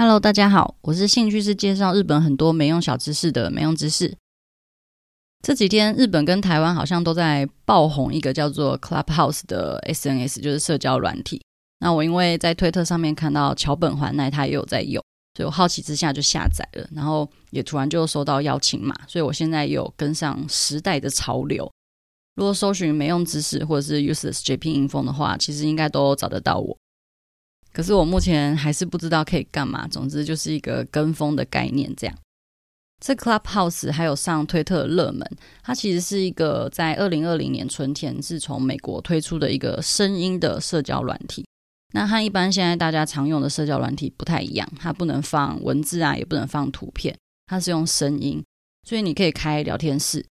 Hello，大家好，我是興趣是介紹日本很多沒用小知識的沒用知識。這幾天日本跟台灣好像都在爆紅一個叫做 Clubhouse 的 SNS，就是社交軟體。那我因為在推特上面看到橋本環奈她也有在用，所以我好奇之下就下載了，然後也突然就收到邀請碼，所以我現在有跟上時代的潮流。如果搜尋沒用知識或者是 Useless JP Info 的話，其實應該都找得到我。可是我目前還是不知道可以幹嘛。總之就是一個跟風的概念，這樣。這 Clubhouse 還有上推特的熱門，它其實是一個在二零二零年春天是從美國推出的一個聲音的社交軟體。那和一般現在大家常用的社交軟體不太一樣，它不能放文字啊，也不能放圖片，它是用聲音，所以你可以開聊天室。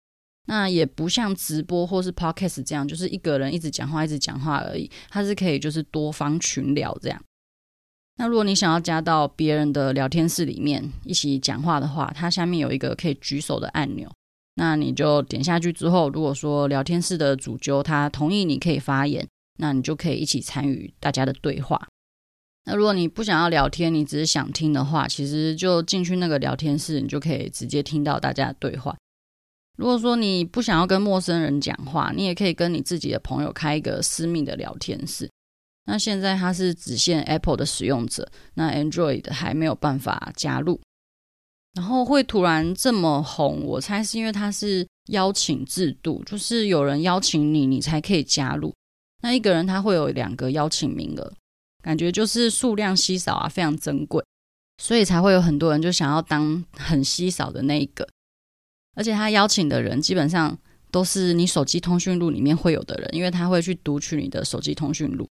那也不像直播或是 Podcast 這樣，就是一個人一直講話一直講話而已。它是可以就是多方群聊這樣。那如果你想要加到別人的聊天室裡面一起講話的話，它下面有一個可以舉手的按鈕，那你就點下去之後，如果說聊天室的主揪他同意你可以發言，那你就可以一起參與大家的對話。那如果你不想要聊天，你只是想聽的話，其實就進去那個聊天室，你就可以直接聽到大家的對話。如果說你不想要跟陌生人講話，你也可以跟你自己的朋友開一個私密的聊天室。那現在它是只限 Apple 的使用者，那 Android 的還沒有辦法加入。然後會突然這麼紅，我猜是因為它是邀請制度，就是有人邀請你，你才可以加入。那一個人他會有兩個邀請名額，感覺就是數量稀少啊，非常珍貴，所以才會有很多人就想要當很稀少的那一個。而且他邀請的人基本上都是你手機通訊錄裡面會有的人，因為他會去讀取你的手機通訊錄。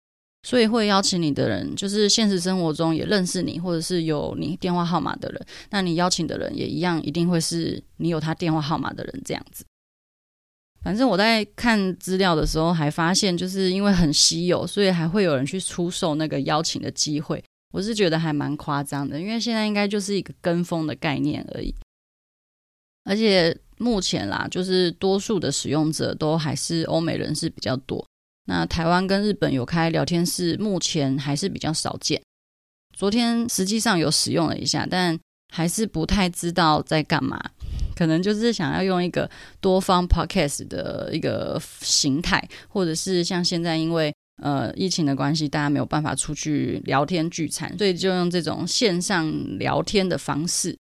所以會邀請你的人，就是現實生活中也認識你，或者是有你電話號碼的人。那你邀請的人也一樣，一定會是你有他電話號碼的人這樣子。反正我在看資料的時候，還發現就是因為很稀有，所以還會有人去出售那個邀請的機會。我是覺得還蠻誇張的，因為現在應該就是一個跟風的概念而已。而且目前啦，就是多數的使用者都還是歐美人士比較多。那台灣跟日本有開聊天室，目前還是比較少見。昨天實際上有使用了一下，但還是不太知道在幹嘛。可能就是想要用一個多方 podcast 的一個形態，或者是像現在因為呃疫情的關係，大家沒有辦法出去聊天聚餐，所以就用這種線上聊天的方式。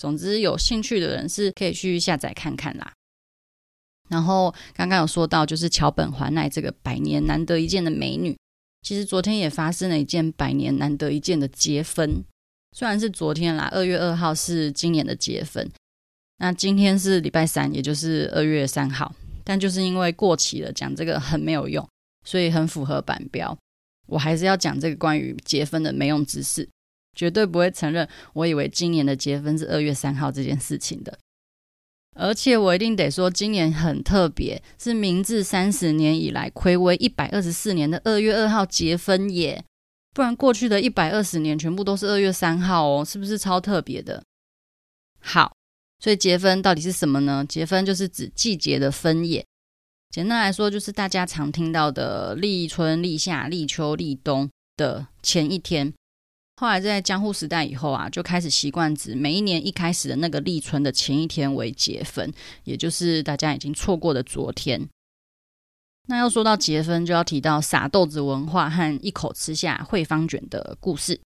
總之，有興趣的人是可以去下載看看啦。然後剛剛有說到，就是橋本環奈這個百年難得一見的美女，其實昨天也發生了一件百年難得一見的節分。雖然是昨天啦，二月二號是今年的節分，那今天是禮拜三，也就是二月三號，但就是因為過期了，講這個很沒有用，所以很符合版標。我還是要講這個關於節分的沒用知識，絕對不會承認我以為今年的節分是二月三號這件事情的。而且我一定得說，今年很特別，是明治三十年以來，睽違一百二十四年的二月二號節分耶，不然過去的一百二十年全部都是二月三號哦，是不是超特別的？好，所以節分到底是什麼呢？節分就是指季節的分野，簡單來說就是大家常聽到的立春、立夏、立秋、立冬的前一天。後來在江戶時代以後啊，就開始習慣指每一年一開始的那個立春的前一天為節分，也就是大家已經錯過的昨天。那要說到節分，就要提到撒豆子文化和一口吃下惠方捲的故事。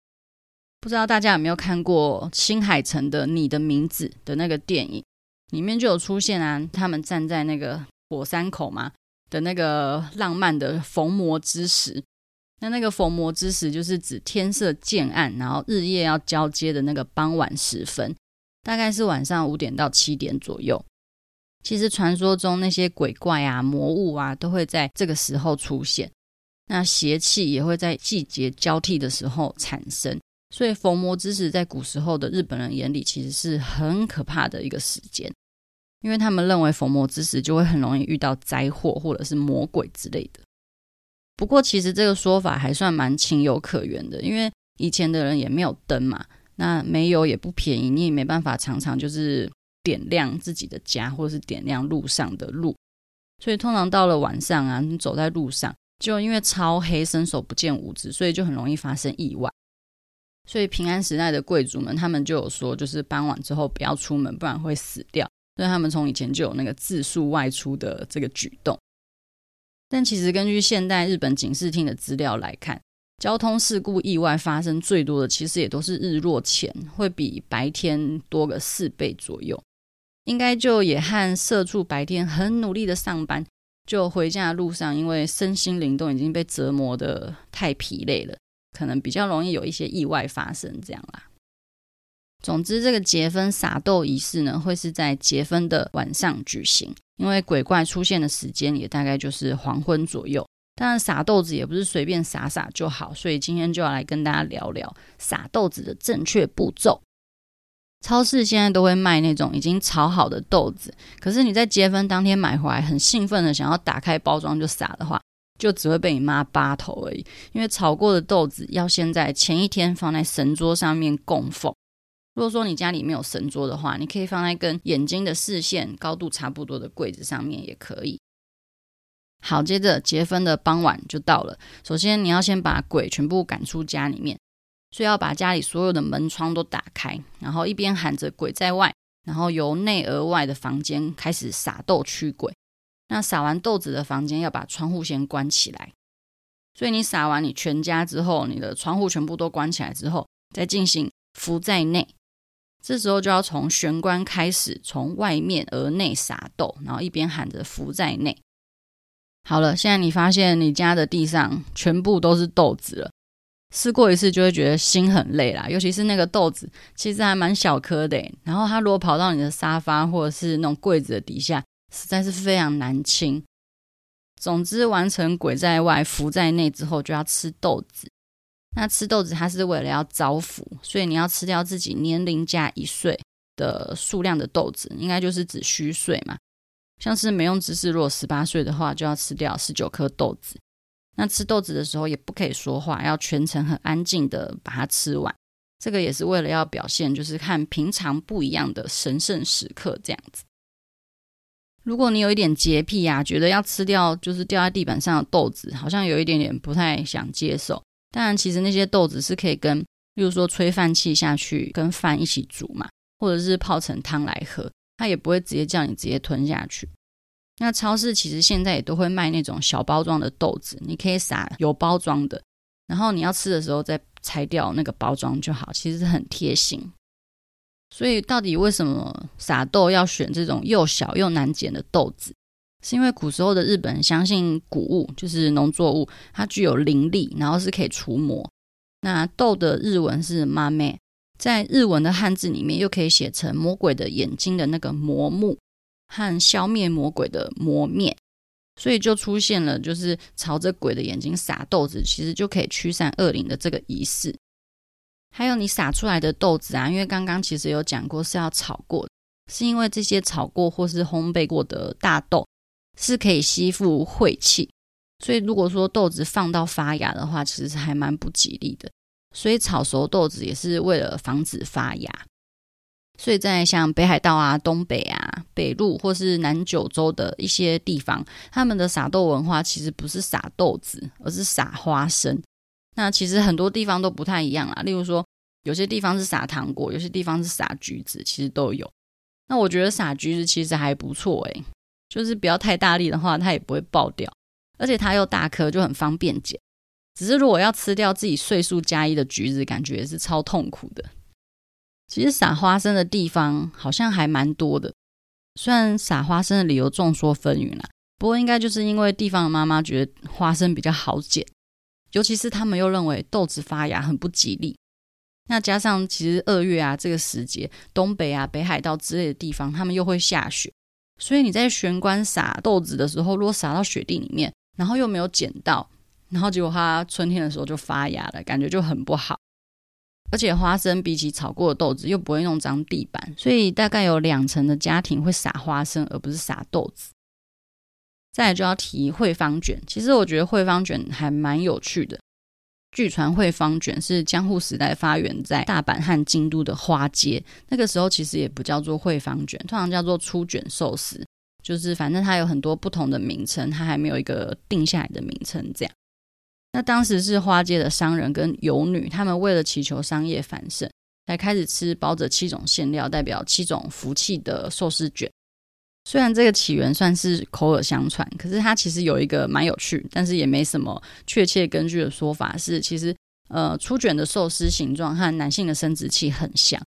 不知道大家有沒有看過《新海誠的你的名字》的那個電影，裡面就有出現啊，他們站在那個火山口嘛的那個浪漫的逢魔之時。那那個逢魔之時，就是指天色漸暗，然後日夜要交接的那個傍晚時分，大概是晚上五點到七點左右。其實傳說中那些鬼怪啊、魔物啊，都會在這個時候出現。那邪氣也會在季節交替的時候產生，所以逢魔之時，在古時候的日本人眼裡，其實是很可怕的一個時間，因為他們認為逢魔之時就會很容易遇到災禍或者是魔鬼之類的。不過，其實這個說法還算蠻情有可原的，因為以前的人也沒有燈嘛，那煤油也不便宜，你也沒辦法常常就是點亮自己的家，或者是點亮路上的路，所以通常到了晚上啊，你走在路上就因為超黑，伸手不見五指，所以就很容易發生意外。所以平安時代的貴族們，他們就有說，就是傍晚之後不要出門，不然會死掉。所以他們從以前就有那個自述外出的這個舉動。但其實根據現代日本警視廳的資料來看，交通事故意外發生最多的，其實也都是日落前，會比白天多個四倍左右。應該就也和社畜白天很努力的上班，就回家的路上，因為身心靈都已經被折磨的太疲累了，可能比較容易有一些意外發生這樣啦。總之，這個節分撒豆儀式呢，會是在節分的晚上舉行，因為鬼怪出現的時間也大概就是黃昏左右。當然，撒豆子也不是隨便撒撒就好，所以今天就要來跟大家聊聊撒豆子的正確步驟。超市現在都會賣那種已經炒好的豆子，可是你在節分當天買回來，很興奮的想要打開包裝就撒的話，就只會被你媽巴頭而已。因為炒過的豆子要先在前一天放在神桌上面供奉。如果說你家裡沒有神桌的話，你可以放在跟眼睛的視線高度差不多的櫃子上面也可以。好，接着節分的傍晚就到了。首先你要先把鬼全部趕出家裡面，所以要把家裡所有的門窗都打開，然後一邊喊着“鬼在外”，然後由內而外的房間開始撒豆驅鬼。那撒完豆子的房間要把窗戶先關起來，所以你撒完你全家之後，你的窗戶全部都關起來之後，再進行福在內。這時候就要從玄關開始，從外面而內撒豆，然後一邊喊着“福在內”。好了，現在你發現你家的地上全部都是豆子了。試過一次就會覺得心很累啦，尤其是那個豆子其實還蠻小顆的。然後它如果跑到你的沙發或者是那種櫃子的底下，實在是非常難清。總之，完成“鬼在外，福在內”之後，就要吃豆子。那吃豆子，它是為了要招福，所以你要吃掉自己年齡加一歲的數量的豆子，應該就是指虛歲嘛。像是梅用知世，如果十八歲的話，就要吃掉十九顆豆子。那吃豆子的時候也不可以說話，要全程很安靜的把它吃完。這個也是為了要表現，就是看平常不一樣的神聖時刻這樣子。如果你有一點潔癖啊，覺得要吃掉就是掉在地板上的豆子，好像有一點點不太想接受。當然，其實那些豆子是可以跟，例如說炊飯器，下去跟飯一起煮嘛，或者是泡成湯來喝，它也不會直接叫你直接吞下去。那超市其實現在也都會賣那種小包裝的豆子，你可以撒有包裝的，然後你要吃的時候再拆掉那個包裝就好，其實很貼心。所以到底為什麼撒豆要選這種又小又難撿的豆子？是因為古時候的日本相信穀物就是農作物，它具有靈力，然後是可以除魔。那豆的日文是 mame，在日文的漢字裡面又可以寫成魔鬼的眼睛的那個魔目和消滅魔鬼的魔面，所以就出現了就是朝着鬼的眼睛撒豆子，其實就可以驅散惡靈的這個儀式。還有你撒出來的豆子啊，因為剛剛其實有講過是要炒過的，是因為這些炒過或是烘焙過的大豆。是可以吸附晦氣，所以如果說豆子放到發芽的話，其實還蠻不吉利的。所以炒熟豆子也是為了防止發芽。所以在像北海道啊、東北啊、北陸或是南九州的一些地方，他們的撒豆文化其實不是撒豆子，而是撒花生。那其實很多地方都不太一樣啦。例如說，有些地方是撒糖果，有些地方是撒橘子，其實都有。那我覺得撒橘子其實還不錯欸。就是不要太大力的話，它也不會爆掉，而且它又大顆，就很方便撿。只是如果要吃掉自己歲數加一的橘子，感覺也是超痛苦的。其實撒花生的地方好像還蠻多的，雖然撒花生的理由眾說紛紜啦，不過應該就是因為地方的媽媽覺得花生比較好撿，尤其是他們又認為豆子發芽很不吉利。那加上其實二月啊，這個時節，東北啊，北海道之類的地方，他們又會下雪。所以你在玄關撒豆子的時候，如果撒到雪地裡面，然後又沒有撿到，然後結果它春天的時候就發芽了，感覺就很不好。而且花生比起炒過的豆子，又不會弄髒地板，所以大概有兩成的家庭會撒花生而不是撒豆子。再來就要提惠方捲，其實我覺得惠方捲還蠻有趣的。據傳，惠方卷是江戶時代發源在大阪和京都的花街。那個時候其實也不叫做惠方卷，通常叫做出卷壽司，就是反正它有很多不同的名稱，它還沒有一個定下來的名稱。這樣，那當時是花街的商人跟遊女，他們為了祈求商業繁盛，才開始吃包着七種餡料，代表七種福氣的壽司卷。雖然這個起源算是口耳相傳，可是它其實有一個蠻有趣，但是也沒什麼確切根據的說法是。是其實，呃，初捲的壽司形狀和男性的生殖器很像，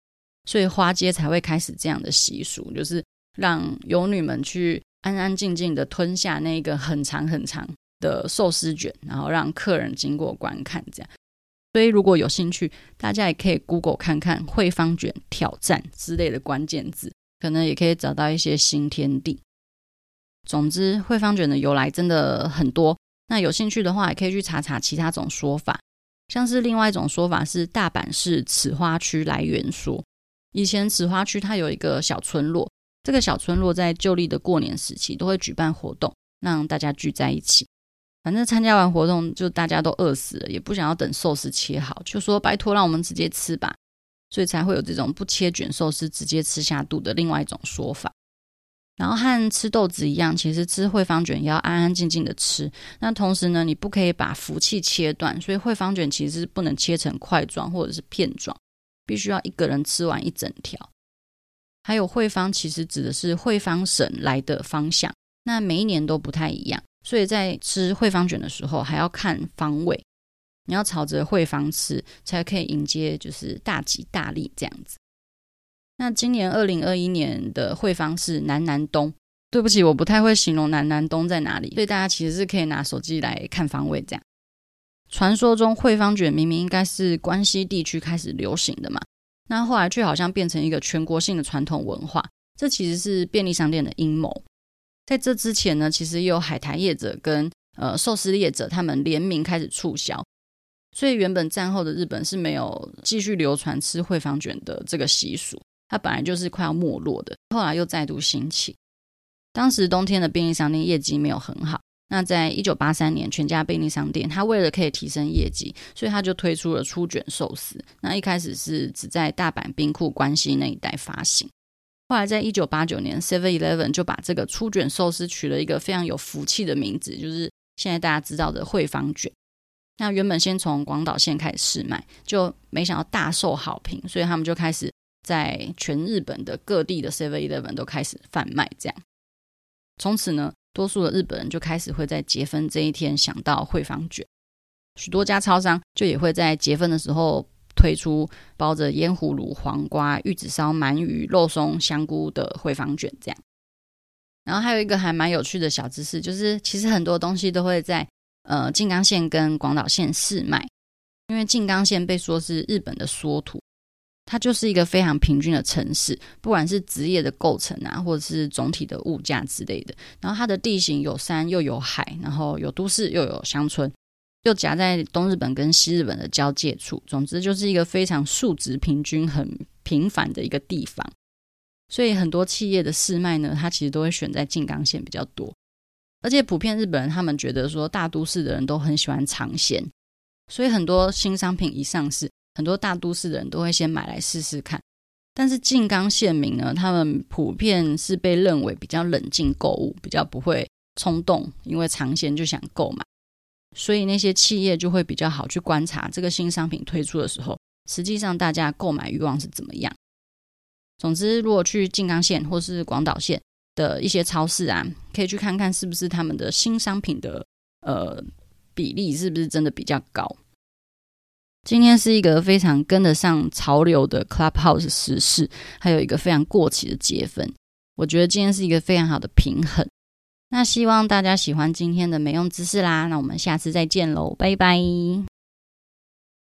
所以花街才會開始這樣的習俗，就是讓遊女們去安安靜靜的吞下那個很長很長的壽司捲，然後讓客人經過觀看這樣。所以如果有興趣，大家也可以 Google 看看“惠方捲挑戰”之類的關鍵字。可能也可以找到一些新天地。總之，惠方卷的由來真的很多。那有興趣的話，也可以去查查其他種說法。像是另外一種說法是大阪市此花區來源說。以前此花區它有一個小村落，這個小村落在舊歷的過年時期都會舉辦活動，讓大家聚在一起。反正參加完活動，就大家都餓死了，也不想要等壽司切好，就說拜托，讓我們直接吃吧。所以才會有這種不切卷壽司直接吃下肚的另外一種說法。然後和吃豆子一樣，其實吃惠方卷也要安安靜靜的吃。那同時呢，你不可以把福氣切斷，所以惠方卷其實不能切成塊狀或者是片狀，必須要一個人吃完一整條。還有惠方其實指的是惠方神來的方向，那每一年都不太一樣，所以在吃惠方卷的時候還要看方位。你要朝着惠方吃，才可以迎接就是大吉大利這樣子。那今年二零二一年的惠方是南南東，對不起，我不太會形容南南東在哪裡，所以大家其實是可以拿手機來看方位這樣。傳說中惠方卷明明應該是關西地區開始流行的嘛，那後來卻好像變成一個全國性的傳統文化，這其實是便利商店的陰謀。在這之前呢，其實也有海苔業者跟呃壽司業者他們聯名開始促銷。所以，原本戰後的日本是沒有繼續流傳吃惠方捲的這個習俗，它本來就是快要沒落的。後來又再度興起。當時冬天的便利商店業績沒有很好，那在一九八三年，全家便利商店它為了可以提升業績，所以它就推出了粗捲壽司。那一開始是只在大阪、兵庫、關西那一帶發行。後來在一九八九年，Seven Eleven 就把這個粗捲壽司取了一個非常有福氣的名字，就是現在大家知道的惠方捲。那原本先從廣島縣開始試賣，就沒想到大受好評，所以他們就開始在全日本的各地的 Seven Eleven 都開始販賣。這樣，從此呢，多數的日本人就開始會在節分這一天想到惠方捲，許多家超商就也會在節分的時候推出包着醃葫蘆、黃瓜、玉子燒、鰻魚、肉鬆、香菇的惠方捲。這樣，然後還有一個還蠻有趣的小知識，就是其實很多東西都會在。呃，靜岡縣跟廣島縣試賣，因為靜岡縣被說是日本的縮圖，它就是一個非常平均的城市，不管是職業的構成啊，或者是總體的物價之類的。然後它的地形有山又有海，然後有都市又有鄉村，又夾在東日本跟西日本的交界處。總之就是一個非常數值平均、很平凡的一個地方。所以很多企業的試賣呢，它其實都會選在靜岡縣比較多。而且普遍日本人他們覺得說大都市的人都很喜歡嘗鮮，所以很多新商品一上市，很多大都市的人都會先買來試試看。但是靜岡縣民呢，他們普遍是被認為比較冷靜購物，比較不會衝動，因為嘗鮮就想購買，所以那些企業就會比較好去觀察這個新商品推出的時候，實際上大家購買欲望是怎麼樣。總之，如果去靜岡縣或是廣島縣，的一些超市啊，可以去看看是不是他們的新商品的呃比例是不是真的比較高？今天是一個非常跟得上潮流的 Clubhouse 時事，還有一個非常過期的節分，我覺得今天是一個非常好的平衡。那希望大家喜歡今天的沒用知識啦，那我們下次再見嘍，拜拜。